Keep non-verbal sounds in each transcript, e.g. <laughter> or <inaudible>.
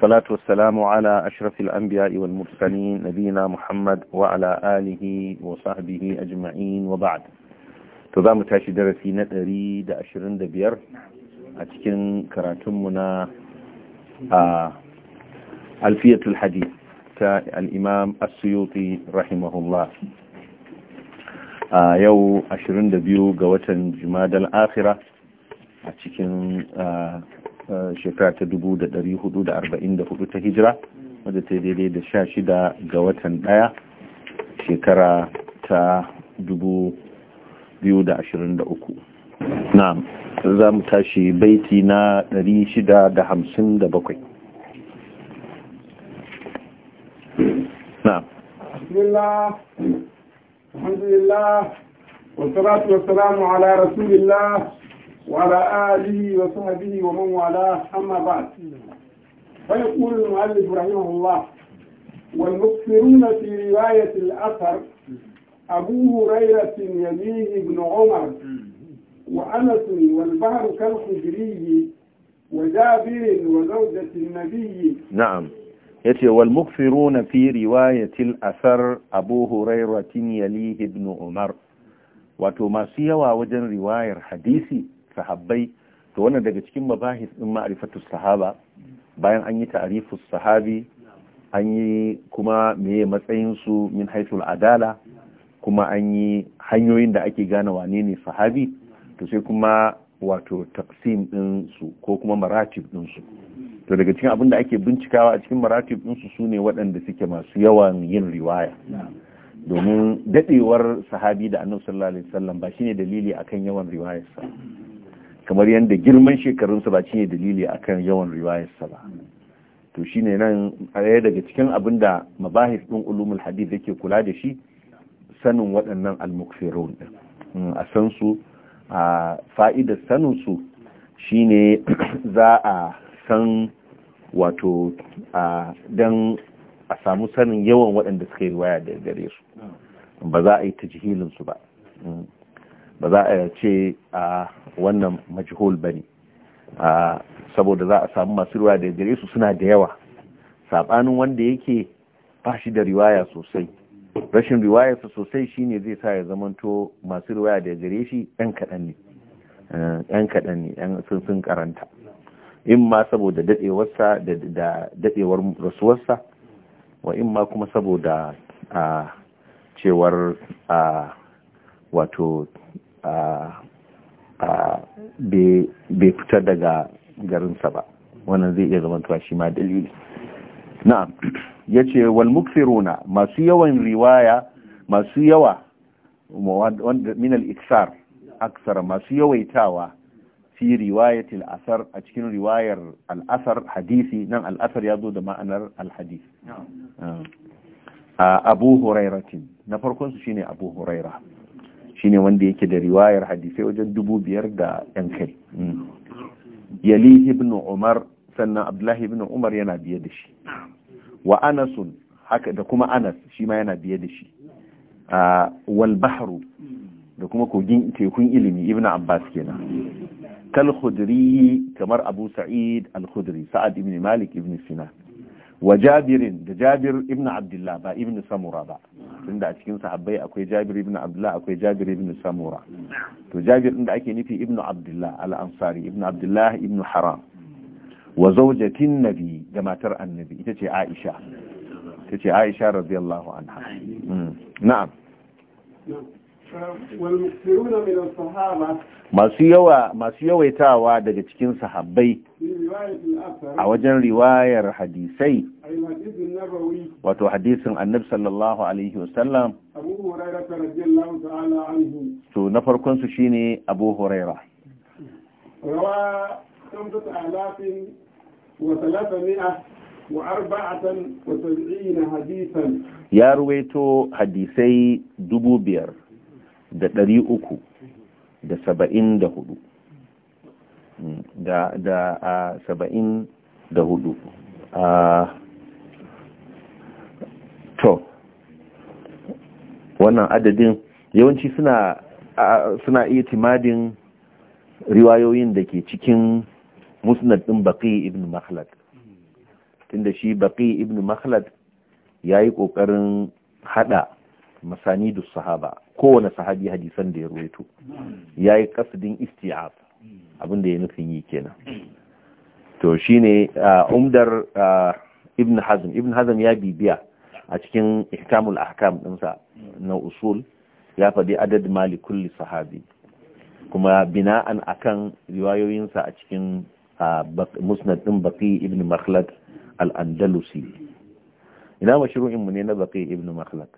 والصلاة والسلام على أشرف الأنبياء والمرسلين نبينا محمد وعلى آله وصحبه أجمعين وبعد تضام تاشي درسي نتري دا أشرين دا بير أتكن كراتمنا آه ألفية الحديث الإمام السيوطي رحمه الله آه يو أشرين دا بيو قوة جماد الآخرة أتكن آه shekara ta hudu ta hijira wadda ta daidai da sha shida ga watan ɗaya shekara ta 2023 na'am za mu tashi baiti na 657 na'am Alhamdulillah. alhamdulillah salatu wa salamu ala rasulillah. وعلى آله وصحبه ومن والاه أما بعد فيقول المؤلف رحمه الله والمكثرون في رواية الأثر أبو هريرة يليه ابن عمر وأنس والبحر كالخجري وجابر وزوجة النبي نعم يتي والمكثرون في رواية الأثر أبو هريرة يليه ابن عمر umar wato رواية حديثي sahabbai to wannan daga cikin mabahis din ma'rifatu sahaba bayan an yi ta'arifu sahabi an yi kuma meye matsayin su min haithul adala kuma an yi hanyoyin da ake gane wane ne sahabi to sai kuma wato taqsim din su ko kuma maratib din su to daga cikin abin da ake bincikawa a cikin maratib din su sune waɗanda suke masu yawan yin riwaya domin dadewar sahabi da annabi sallallahu alaihi wasallam ba shine dalili akan yawan riwayarsa kamar yadda girman shekarunsa ba shine dalili akan yawan riwayarsa ba to shine nan ɗaya daga cikin abin da mabahis ɗin ulumul hadith yake kula da shi sanin waɗannan almukfirun ɗin a san su a fa'idar sanin su shine <clears throat> za a san wato a dan a samu sanin yawan waɗanda suka yi riwaya da gare su ba za a yi ta jihilinsu ba hmm. ba za a ce a wannan majhul ne saboda za a samu masu ruwa da gare su suna da yawa saɓanin wanda yake ba shi da riwaya sosai rashin riwayarsa sosai shine zai sa ya zamanto masu ruwa da gare shi ɗan kaɗan ne ɗan kaɗan ne ɗan sun sun karanta in ma saboda daɗewarsa da daɗewar rasuwarsa wa in ma kuma saboda a cewar a wato bai fita daga garinsa ba wannan zai iya zamanta shi ma dalili na'am <clears throat> ya ce walmukfiruna masu yawan riwaya masu yawa minal iksar aksara masu yawaitawa fi riwayatil asar a cikin riwayar al'asar hadisi nan al'asar ya zo da ma'anar alhadis ah. Ah, abu hurairatin na farkonsu shine abu huraira shine wanda yake da riwayar hadisai wajen dubu biyar da yan kai mm. yali ibn umar sannan abdullahi ibn umar yana biye da shi wa anasun haka da kuma anas shi ma yana biye da shi wal bahru da kuma kogin tekun ilimi ibn abbas kenan kal khudri kamar abu sa'id al khudri sa'ad ibn malik ibn sina wa jabirin da jabir ibn abdullah ba ibn samura ba tunda a cikin sahabbai akwai jabir ibn abdullah akwai jabir ibn samura to jabir din da ake nufi ibn abdullah al-ansari ibn abdullah ibn haram wa zawjatin nabi da matar annabi ita ce aisha ita ce aisha radiyallahu anha mm. na'am masu yawa masu yawaitawa daga cikin sahabbai a wajen riwayar hadisai wato hadisin annabi sallallahu alaihi wasallam to na farkon su shine abu huraira rawa ya ruwaito hadisai dubu biyar da ɗari uku da saba'in da hudu mm, da a saba'in da hudu to wannan adadin yawanci suna suna iya timadin riwayoyin da ke cikin musnad ɗin baƙi ibn makhlad tunda shi baƙi ibn makhlad ya yi ƙoƙarin haɗa Masani du sahaba kowane sahabi hadisan da ya ruwaito ya yi kasidin istiyaf abinda ya nufin yi kenan to shi shine uh, umdar uh, ibn hazm ibn hazm ya bibiya a cikin ihkamul ahkam ɗinsa na usul ya faɗi adad mali sahabi kuma bina'an akan riwayoyinsa a cikin uh, musnad ɗin baki ibn makhlad al-andalusi ina mashru'in mu ne na baki ibn makhlad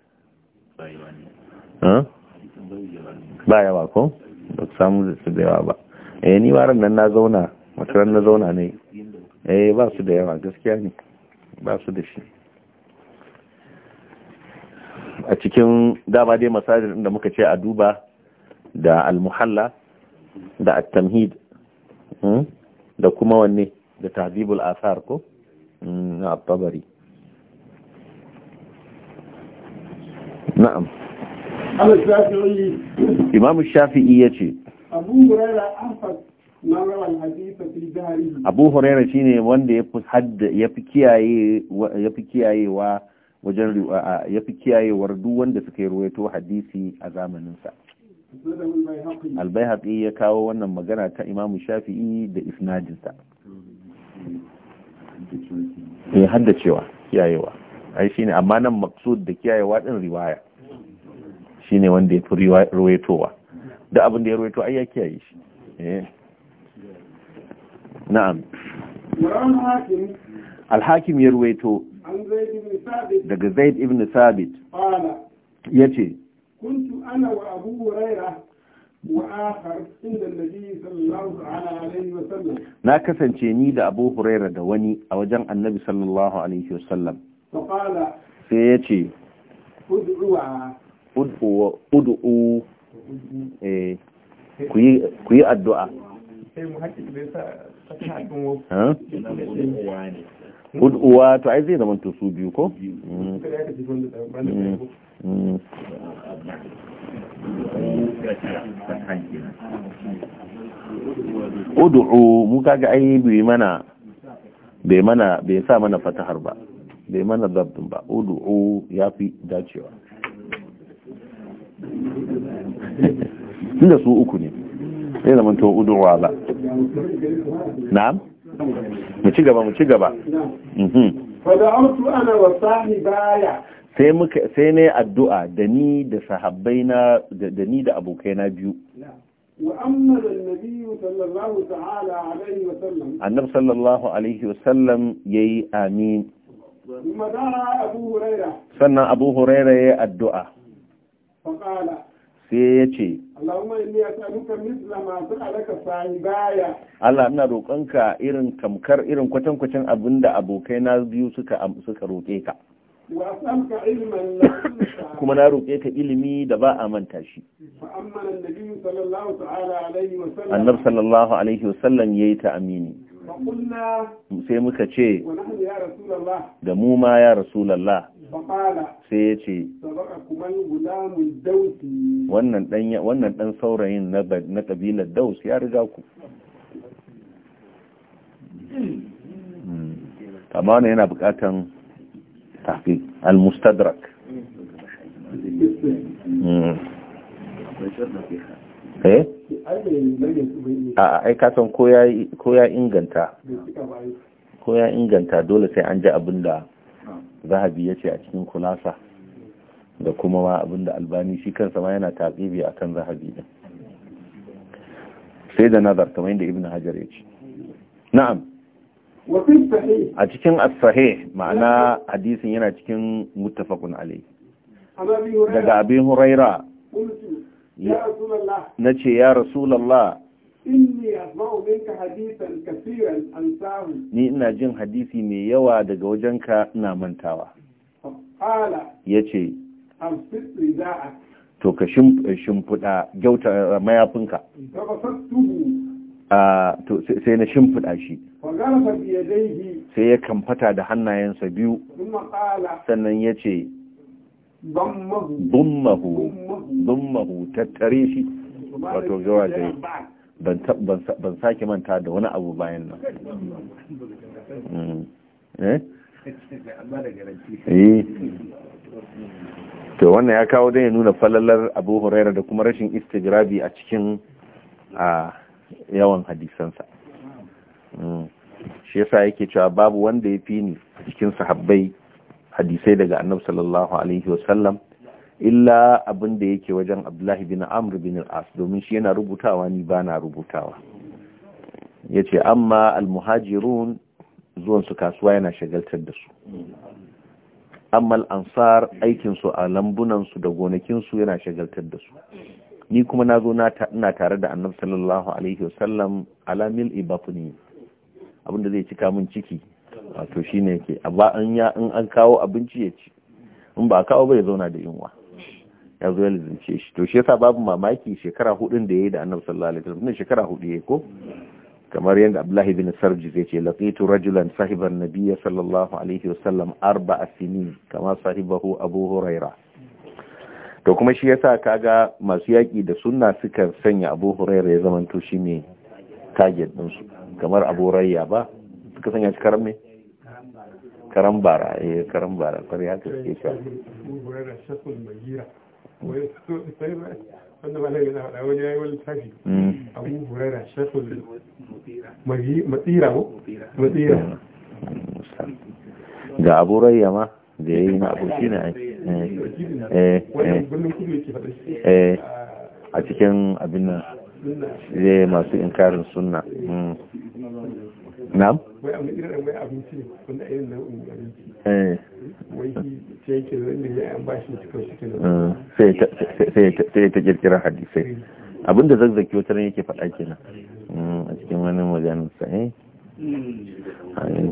ba yawa ko ba samu da su da yawa ba eh ni waran nan na zauna makaran na zauna ne eh ba su da yawa gaskiya ne ba su da shi a cikin dama dai masajin da muka ce a duba da almuhalla da at-tamhid hmm, da kuma wanne da tahdibul asar ko hmm, na at-tabari na'am Imam Shafi'i ya ce, Abu Huraira shi ne wanda ya fi kiyayewa wajen ya fi kiyayewar duk wanda suka yi ruwaito hadisi a zamaninsa. Albayhaƙi ya kawo wannan magana ta Imam Shafi'i da isnadinsa. ya eh, haddacewa kiyayewa. Ai ne, amma nan maksud da kiyayewa ɗin riwaya. shine wanda ya fi ruwaitowa da abin da ya ruwaito ai ya kiyaye shi eh. na'am alhakim ya ruwaito daga zaid ibn sabit ya ce kuntu ana wa abu huraira na kasance ni da abu huraira da wani a wajen annabi sallallahu alaihi wasallam sai ya ce ud'u eh, ku yi addu'a ud'uwa to ai zai zama su biyu ko? Mm. Mm. ud'u mu kaga ai bai mana bai mana bai sa mana fatahar ba bai mana zabdin ba ud'u ya fi dacewa tunda su uku ne zai zama to udurwa ba na'am mu ci gaba mu ci gaba mhm. fada'autu ana wa sahibaya sai muka sai ne addu'a da ni da sahabbai na da ni da abokai na biyu Annabi sallallahu alaihi wasallam ya yi amin sannan abu huraira ya yi addu'a sai ya ce Allah ina roƙonka irin tamkar irin kwatankwacin abin da abokai na biyu suka suka roƙe ka <laughs> kuma na roƙe ka ilimi da ba a manta shi annab sallallahu alaihi wasallam ya yi ta amini sai muka ce da mu ma ya rasulallah sai ya ce wannan ɗan saurayin na ƙabilar daus ya riga ku hmm. amma wani yana buƙatan tafi al-mustadrak hmm. eh a aikatan ko ya inganta inganta dole sai an ji abin da zahabi ya ce a cikin kulasa da kuma ma abinda albani shi kansa ma yana taƙibi a kan zahabi ɗin sai da nazar kamar yadda ibn hajar ya ce na'am a cikin as ma'ana hadisin yana cikin muttafaqun alai daga abin huraira na ce ya rasulallah ni ina jin hadisi mai yawa daga wajenka ina mantawa Ya ce. to ka shimfiɗa gyauta mayafinka to sai na shimfiɗa shi sai ya kamfata da hannayensa biyu sannan ya ce dummahu dummahu tattare shi wato gawa da ban sake manta da wani abu bayan nan hmm. eh? Eh. to wannan ya kawo dai ya nuna falalar abu huraira da kuma rashin istigrabi a cikin a yawan hadisansa hmm. shi yasa yake cewa babu wanda ya fi ni cikin sahabbai hadisai daga annabi sallallahu alaihi wasallam illa abin da yake wajen abdullahi bin amr bin al-as domin shi yana rubutawa ni ba na rubutawa ya ce amma al-muhajirun zuwansu kasuwa yana shagaltar da su amma al-ansar aikinsu a lambunansu da gonakinsu yana shagaltar da su ni kuma na zo na tare da annabi sallallahu alaihi wasallam alamil ibafuni abinda zai cika min ciki wato shine yake a ba an ya an kawo abinci ya ci in ba kawo ba ya zauna da yunwa ya zo ya lizince shi to shi yasa babu mamaki shekara hudun da ya yi da annabi sallallahu alaihi wasallam shekara hudu ya ko kamar yadda abdullahi bin sarji zai ce laqitu rajulan sahiban nabiyya sallallahu alaihi wasallam arba sinin kama sahibahu abu huraira to kuma shi yasa kaga masu yaki da sunna suka sanya abu huraira ya to shi ne target din su kamar abu rayya ba suka sanya shi karam ne karam bara eh karam bara kar ya ta ce wanda ga abu rayya ma da ya yi na abu shi ne eh, eh, eh. a cikin abin nan masu inkarin sunna hmm. na'am wai wai abinci wanda irin abinci eh wai ce eh, ya cikin cikin sai sai ta kirkira hadisai abinda zazzaki wata ran yake faɗa kenan mm, a cikin wani majalis sai eh?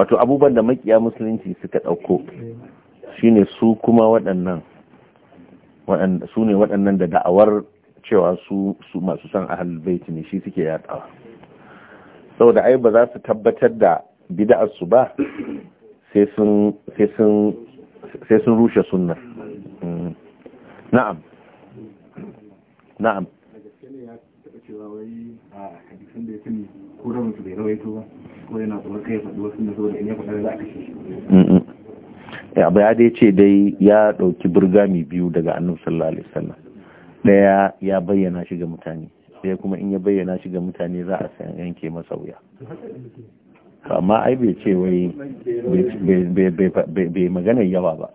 wato abubuwan da makiya musulunci suka ɗauko su kuma waɗannan su ne waɗannan da da'awar cewa su masu son a baiti ne shi suke yaɗawa saboda ai ba za su tabbatar da bida'arsu ba sai sun rushe sunnar mm. na'am na'am ba ya dai ce dai ya ɗauki burgami biyu daga annabi sallallahu alaihi wasallam ɗaya ya bayyana shi ga mutane sai kuma in ya bayyana shi ga mutane za a san yanke masa wuya amma ai bai ce wai bai magana yawa ba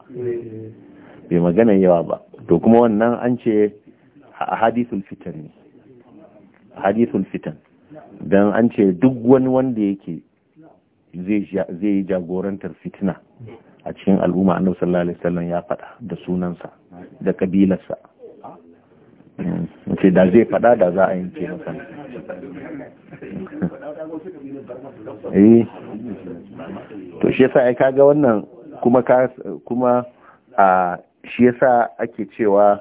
bai magana yawa ba to kuma wannan an ce a hadisul fitan ne hadithul fitan don an ce duk wani wanda yake zai yi jagorantar fitina a cikin al'umma annabi sallallahu alaihi wasallam ya faɗa da sunansa da kabilarsa ce da zai fada da za a yanke masa <laughs> eh to shi yasa ai kaga wannan kuma kuma a shi yasa ake cewa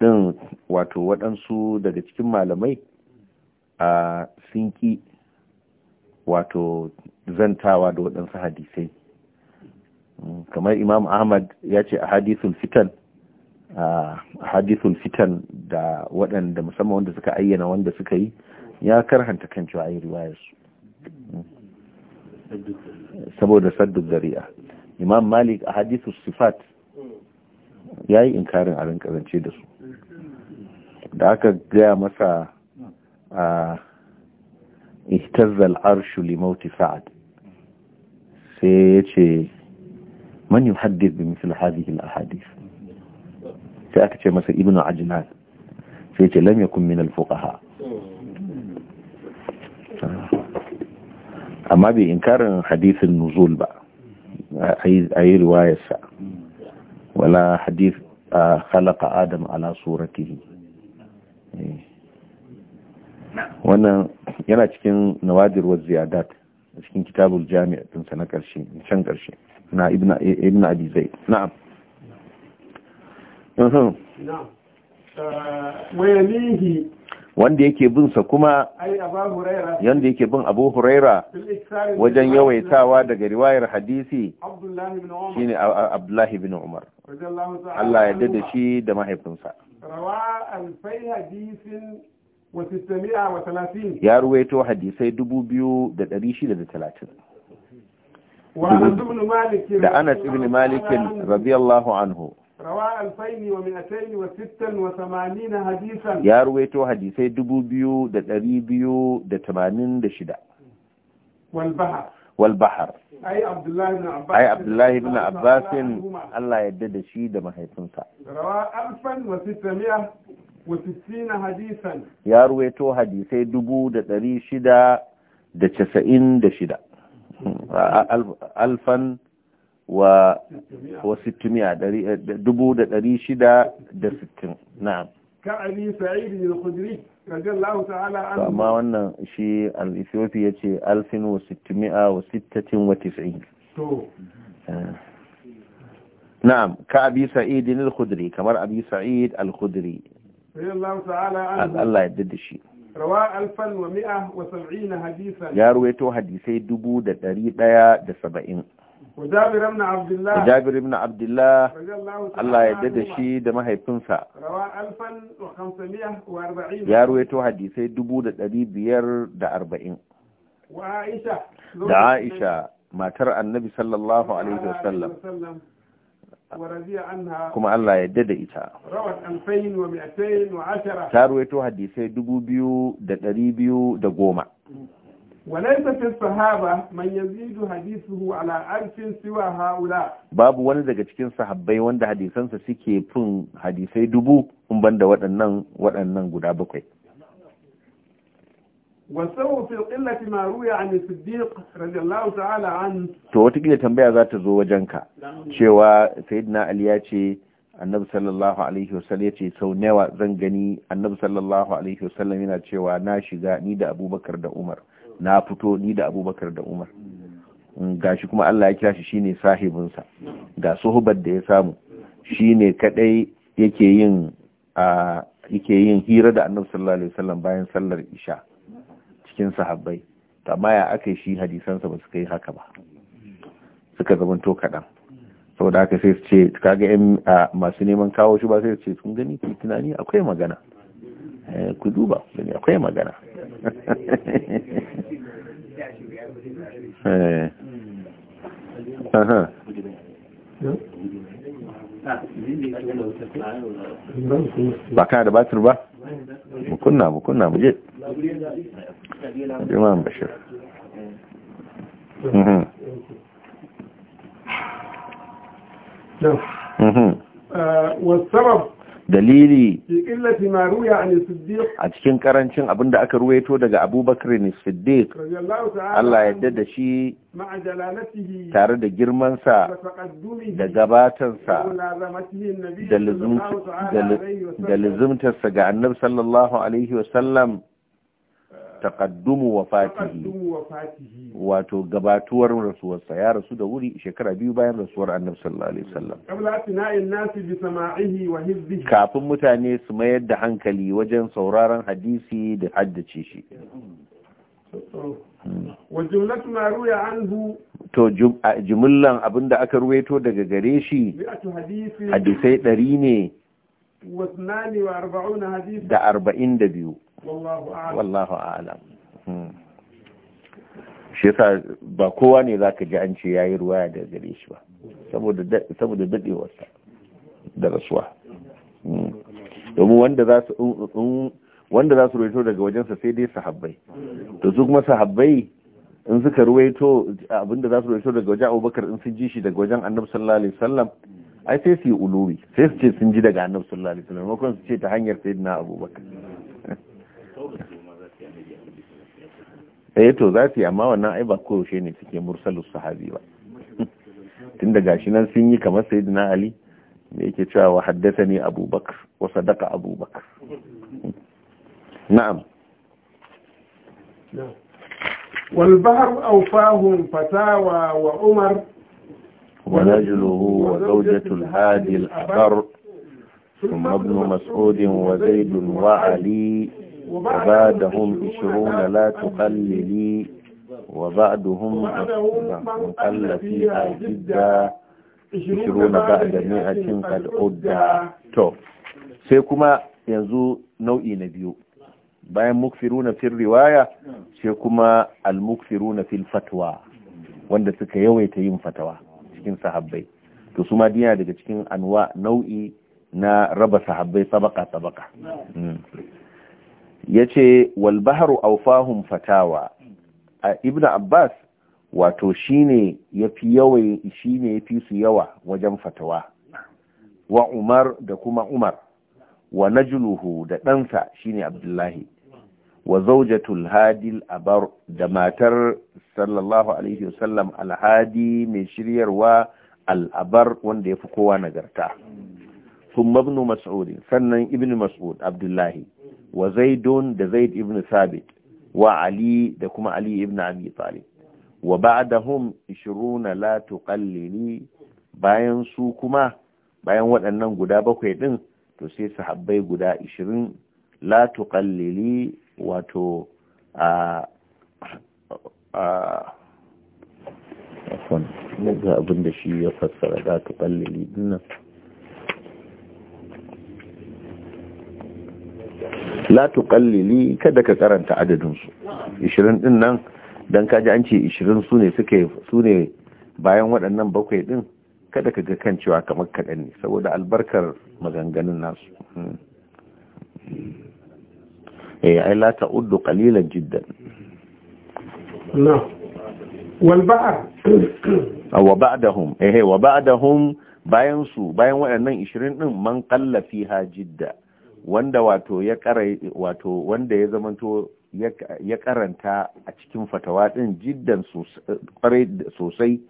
din wato waɗansu daga cikin malamai a sinki wato zantawa da waɗansu hadisai mm, kamar imam ahmad ya ce a hadisul fitan hadithul fitan da waɗanda musamman wanda suka ayyana wanda suka yi ya karhanta kan cewa yi riwayar su saboda sadduk zari'a imam malik a hadithul sifat ya yi inkarin arin rinkarance da su da aka gaya masa a arshu limauti sa'ad sai ya ce man yuhaddith bi misl hadhihi al ahadith sai aka ce masa ibnu ajnan sai ce lam yakun min al-fuqaha amma bai inkarin hadithin nuzul ba a yi riwayarsa wala hadith khalaqa adam ala suratihi eh. wannan yana cikin nawadir wa ziyadat cikin kitabul jami' din sa na karshe can karshe na ibn ibnu abi zaid na'am Eh, wanda yake bin sa kuma yanda yake bin Abu Huraira wajen yawaitawa daga riwayar hadisi shine Abdullahi bin Umar Allah ya dade shi da mahaifinsa ya ruwaito hadisai 2630 da Anas ibn Malik radiyallahu anhu ya ruwaito hadisai dubu biyu da ɗari biyu da tamanin da shida walbahar walbahar abdullahi bin abbasin allah yadda da shi da mahaifinsa ya ruwaito hadisai dubu da ɗari shida da casa'in da shida alfan wa wa eh, dubu da ɗari shida da sittin na'am ka abi sa'id al-khudri radiyallahu ta'ala anhu amma wannan shi al-ethiopi ce alfin wa sittumiya wa eh. na'am ka abi sa'id al-khudri kamar abi sa'id al-khudri Allah ya da shi rawa alfan wa mi'a wa sab'ina hadisan ya ruwaito hadisai dubu da ɗari ɗaya da saba'in وجابر بن عبد allah ya بن عبد الله الله يدد mahaifinsa ya ruwaito hadisai 1540 وعائشه da Aisha matar Annabi sallallahu alaihi wasallam kuma Allah ya dada ita ta ruwaito hadisai goma. Mm. وليس في الصحابة من يزيد حديثه على ألف سوى هؤلاء باب wani daga cikin sahabbai wanda hadisansa suke fin hadisai dubu in banda waɗannan waɗannan guda bakwai wasawu fi qillati ma ruya an siddiq radiyallahu ta'ala an to wata kila tambaya za ta zo wajenka cewa sayyidina ali ya annabi sallallahu alaihi wasallam yace sau nawa zan gani annabi sallallahu alaihi wasallam yana cewa na shiga ni da abubakar da umar na fito ni da abubakar da umar mm, gashi kuma Allah ya kira shi shine sahibinsa ga suhubar da ya samu shi ne kadai yake yin yin hira da annabi sallallahu alaihi wasallam bayan sallar isha cikin sahabbai amma ya aka shi hadisansa ba su kai haka ba suka zama to kaɗan saboda haka sai su ce kaga yan masu neman kawo shi ba sai su ce sun gani tunani akwai magana Eh, ku duba akwai magana eh. ba ka da batir ba mukunna mukunna muje bashir mhm. dalili a cikin karancin abin da aka ruwaito daga abubakar ne siddiq Allah ya da shi tare da girmansa da gabatansa da lizimtarsa ga annabi sallallahu alaihi wasallam taqaddumu fatihi wato gabatuwar rasuwarsa ya rasu da wuri shekara biyu bayan rasuwar annabi sallallahu alaihi wasallam kafin mutane su mayar da hankali wajen sauraron hadisi da haddace shi to ma ruya anhu to jumlan abinda aka ruwaito daga gare shi hadisai ɗari ne da arba'in da biyu wallahu a'lam hmm. shi yasa ba kowa ne zaka ji an ce yayi ruwaya daga gare shi ba saboda saboda dadewarsa da rasuwa hmm. domin wanda za su wanda za su ruwaito daga wajensa sai dai sahabbai to su kuma sahabbai in suka ruwaito abinda za su ruwaito daga wajen abubakar in sun ji shi daga wajen annabi sallallahu alaihi wasallam ai sai su yi uluri sai su ce sun ji daga annabi sallallahu alaihi wasallam makon su ce ta hanyar sayyidina abubakar eh to za su yi amma wannan ai ba koyaushe ne suke mursalus sahabi ba <laughs> tun da gashi nan sun yi kamar sayyidina ali me yake cewa wa haddasa ne abubakar wa sadaka abubakar <laughs> na'am والبحر أوفاهم فتاوى وعمر ونجله وزوجة الهادي الأبر ثم ابن مسعود وزيد وعلي وبعدهم عشرون لا تقللي وبعدهم مقل فيها جدا عشرون بعد مئة قد أدى تو سيكما ينزو نوعي نبيو bayan mukfiruna fil riwaya sai kuma al-mukfiruna fil fatwa wanda suka yawaita yin fatawa cikin sahabbai to su ma diya daga cikin anwa nau'i na raba sahabbai sabaka sabaka ya ce walbaharu aufahun fatawa a ibn abbas wato shine ya fi yawai shine ya fi su yawa wajen fatawa wa umar da kuma umar wa najluhu da ɗansa shine abdullahi wa zaujatul hadil abar da matar sallallahu alaihi wasallam alhadi mai shiryarwa al'abar wanda ya fi kowa nagarta sun mabnu mas'udin sannan ibn mas'ud abdullahi wa zaidun da zaid ibn sabit wa ali da kuma ali ibn abi talib wa ba'dahum 20 la tuqallili bayan su kuma bayan waɗannan guda bakwai din to sai sahabbai guda 20 la tuqallili wato a a afon abin da shi ya fassara da tuqallili dinnan la tuqallili kada ka karanta adadin su 20 din nan dan kaji an ce 20 su ne suke su ne bayan waɗannan bakwai din kada ka ga kan cewa kamar kaɗan ne saboda albarkar maganganun nasu hmm. eh ai la ta'uddu qalilan jiddan na wal ba'd wa ba'dahum eh wa ba'dahum bayan su bayan waɗannan 20 din man qalla fiha jiddan wanda wato ya kare wato wanda ya zamanto ya karanta a cikin fatawa din jiddan sosai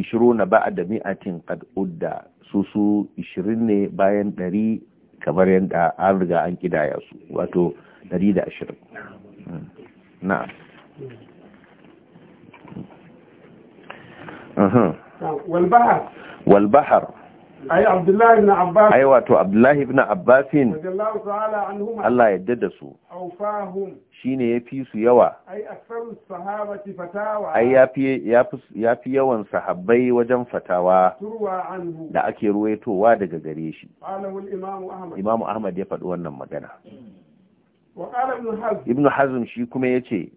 ishiro na ba da mi'atin qad udda su su ishirin ne bayan dari kamar yadda an riga an kidaya su wato dari da ashirin na walbahar ai abdullahi ibn abbas ayi wato abdullahi ibn abbasin Allah ya da su shine yafi su yawa ai aktsaru sahabati fatawa ai yafi yafi yawan sahabbai wajen fatawa da ake ruwaitowa daga gare shi imamu ahmad ya faɗi wannan magana ibn hazm shi kuma ya ce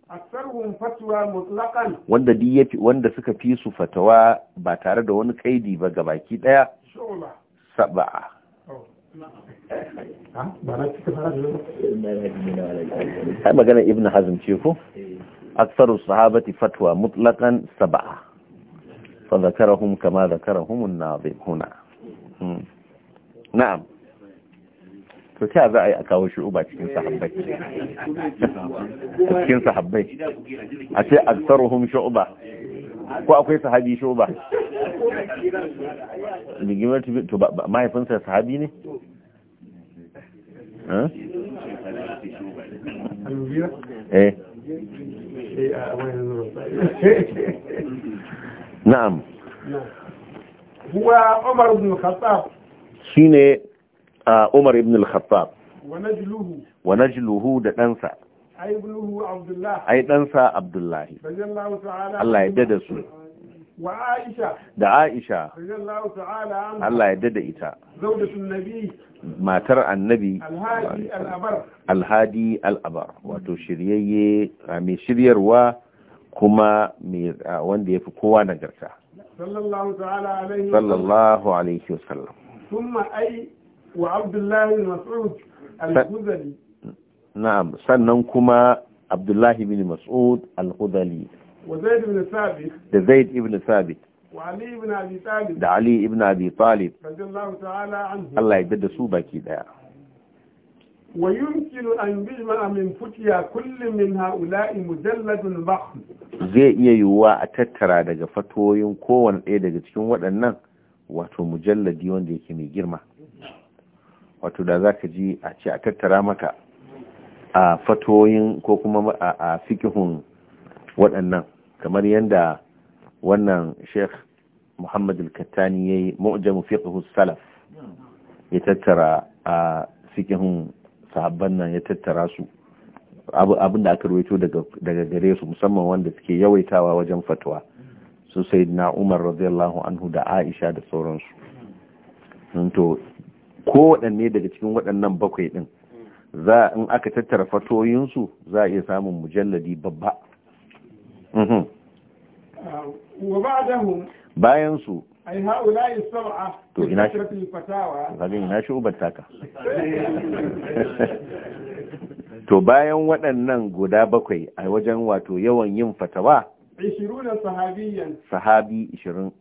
wanda suka fi su fatawa ba tare da wani kaidi ba gabaki daya سبعة سبعة ما كان ابن حزم تشوفوا أكثر الصحابة فتوى مطلقا سبعة فذكرهم كما ذكرهم الناظم هنا نعم to ta za a yi a kawo shu'uba cikin sahabbai cikin sahabbai a ce aksaruhum shu'uba ko akwai sahabi shu'uba ligimar to mahaifinsa sahabi ne eh na'am huwa umar ibn khattab shine Umar ibn al-Khattab wa najluhu da ɗansa ai ɗansa Abdullahi Allah ya dada su da Aisha Allah ya dada ita matar annabi alhadi al'abar wato shiryayye mai shiryarwa kuma wanda ya fi kowa nagarta sallallahu alaihi wasallam وعبد الله بن مسعود الخذلي نعم sannan kuma Abdullah ibn Mas'ud al-Khudali wa Zaid ibn Thabit da Zaid ibn Thabit da Ali ibn Abi Talib Allah ya bada su baki daya ha'ula'i iya yiwuwa a tattara daga fatoyin kowanne ɗaya daga cikin waɗannan wato mujalladi wanda yake mai girma wato da za ka ji a ce a tattara maka a fatoyin ko kuma a fikihun waɗannan kamar yadda wannan sheikh muhammad al-kattani ya yi mu'jamu fiqhu salaf ya tattara a fikihun sahabban nan ya tattara su abin da aka ruwaito daga gare su musamman wanda suke yawaitawa wajen fatwa su sai na umar radiyallahu anhu da aisha da sauransu kowaɗanne daga cikin waɗannan bakwai ɗin za in aka tattara fatoyinsu za a iya samun mujalladi babba bayan su ai sab'a to ina shi fatawa ina shi to bayan waɗannan guda bakwai a wajen wato yawan yin fatawa 20 sahabiyan sahabi 20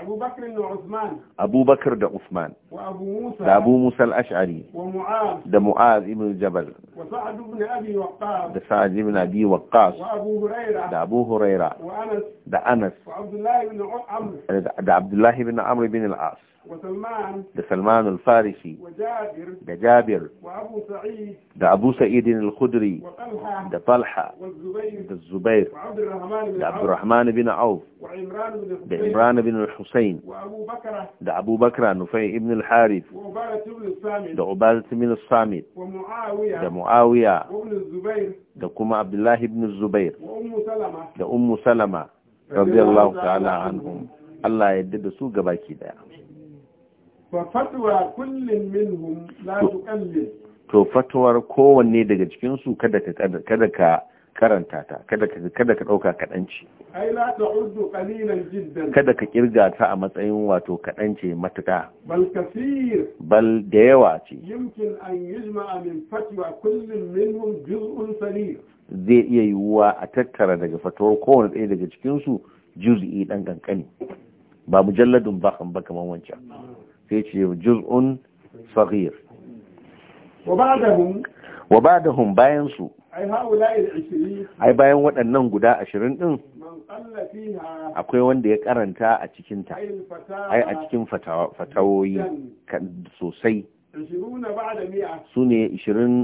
أبو بكر وعثمان أبو بكر ده عثمان وأبو موسى ده أبو موسى الأشعري ومعاذ ده معاذ ابن جبل وسعد بن أبي وقاص ده سعد بن أبي وقاص وأبو هريرة ده أبو هريرة وأنس ده أنس وعبد الله بن عمرو ده عبد الله بن عمرو بن العاص وسلمان الفارسي وجابر ده جابر وأبو سعيد ده أبو سعيد الخدري وطلحة ده طلحة والزبير ده الزبير وعبد الرحمن بن ده عبد الرحمن بن عوف وعمران بن عمران بن الحسين وأبو بكر ده أبو بكرة ابن الحارث وعبادة بن الصامت ده عبادة بن الصامت ومعاوية ده معاوية وابن الزبير ده كما عبد الله بن الزبير وأم سلمة ده أم سلمة رضي الله تعالى عنهم الله يدد سوق باكي ده fa fatwa minhum la tuqallid to fatuwar kowanne daga cikin su kada ka kada ka karanta ta kada ka kada ka dauka kadanci ai la ta'uddu qalilan jiddan kada ka kirga ta a matsayin wato kadance matuka bal kaseer bal da yawa ce yumkin an yujma'a min fatwa kullin minhum juz'un sarir zai iya yiwuwa a tattara daga fatuwar kowane ɗaya daga cikin su juz'i dan kankani ba mujalladun ba kan ba kaman wancan sai ce juz'un saghir wa ba'dahum bayan 20 ai bayan waɗannan guda 20 ɗin akwai wanda ya karanta a ta ai a cikin fatawoyi sosai su ne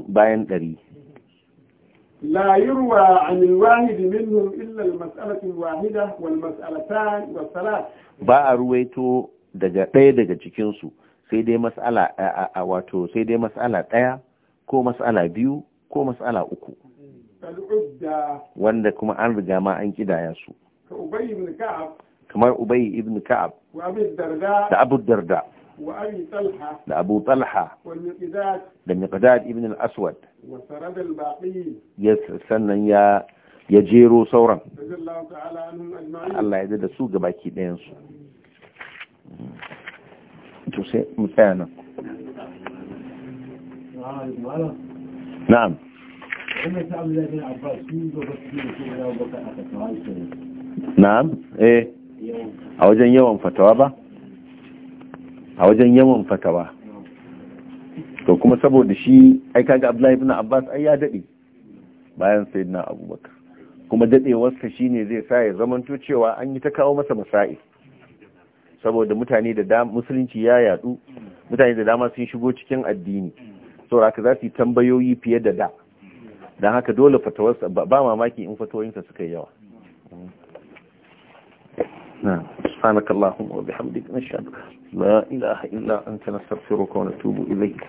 bayan 100 لا يروى عن الواحد منهم إلا المسألة الواحدة والمسألتان والثلاث ba a ruwaito daga ɗaya daga cikinsu sai dai matsala a wato sai dai matsala ɗaya ko matsala biyu ko matsala uku wanda kuma an riga ma an kidaya su kamar ubayi ibn ka'ab da abu darda da abu talha da miqdad ibn al-aswad ya sannan ya ya jero sauran Allah ya da su ga gabaki ɗayansu to sai mu tsaya nan na'am na'am eh a wajen yawan fatawa ba a wajen yawan fatawa to kuma saboda shi ai kaga Abdullahi ibn Abbas ai ya dade bayan sayyidina Abubakar kuma dadewarsa shine zai sa ya zamanto cewa an yi ta kawo masa masail saboda mutane da musulunci ya yadu mutane da dama sun shigo cikin addini So, haka za su yi tambayoyi fiye da da don haka dole fatawarsa ba mamaki in sa suka yi yawa سبحانك اللهم وبحمدك نشهد an tana إلا أنت na tubu إليك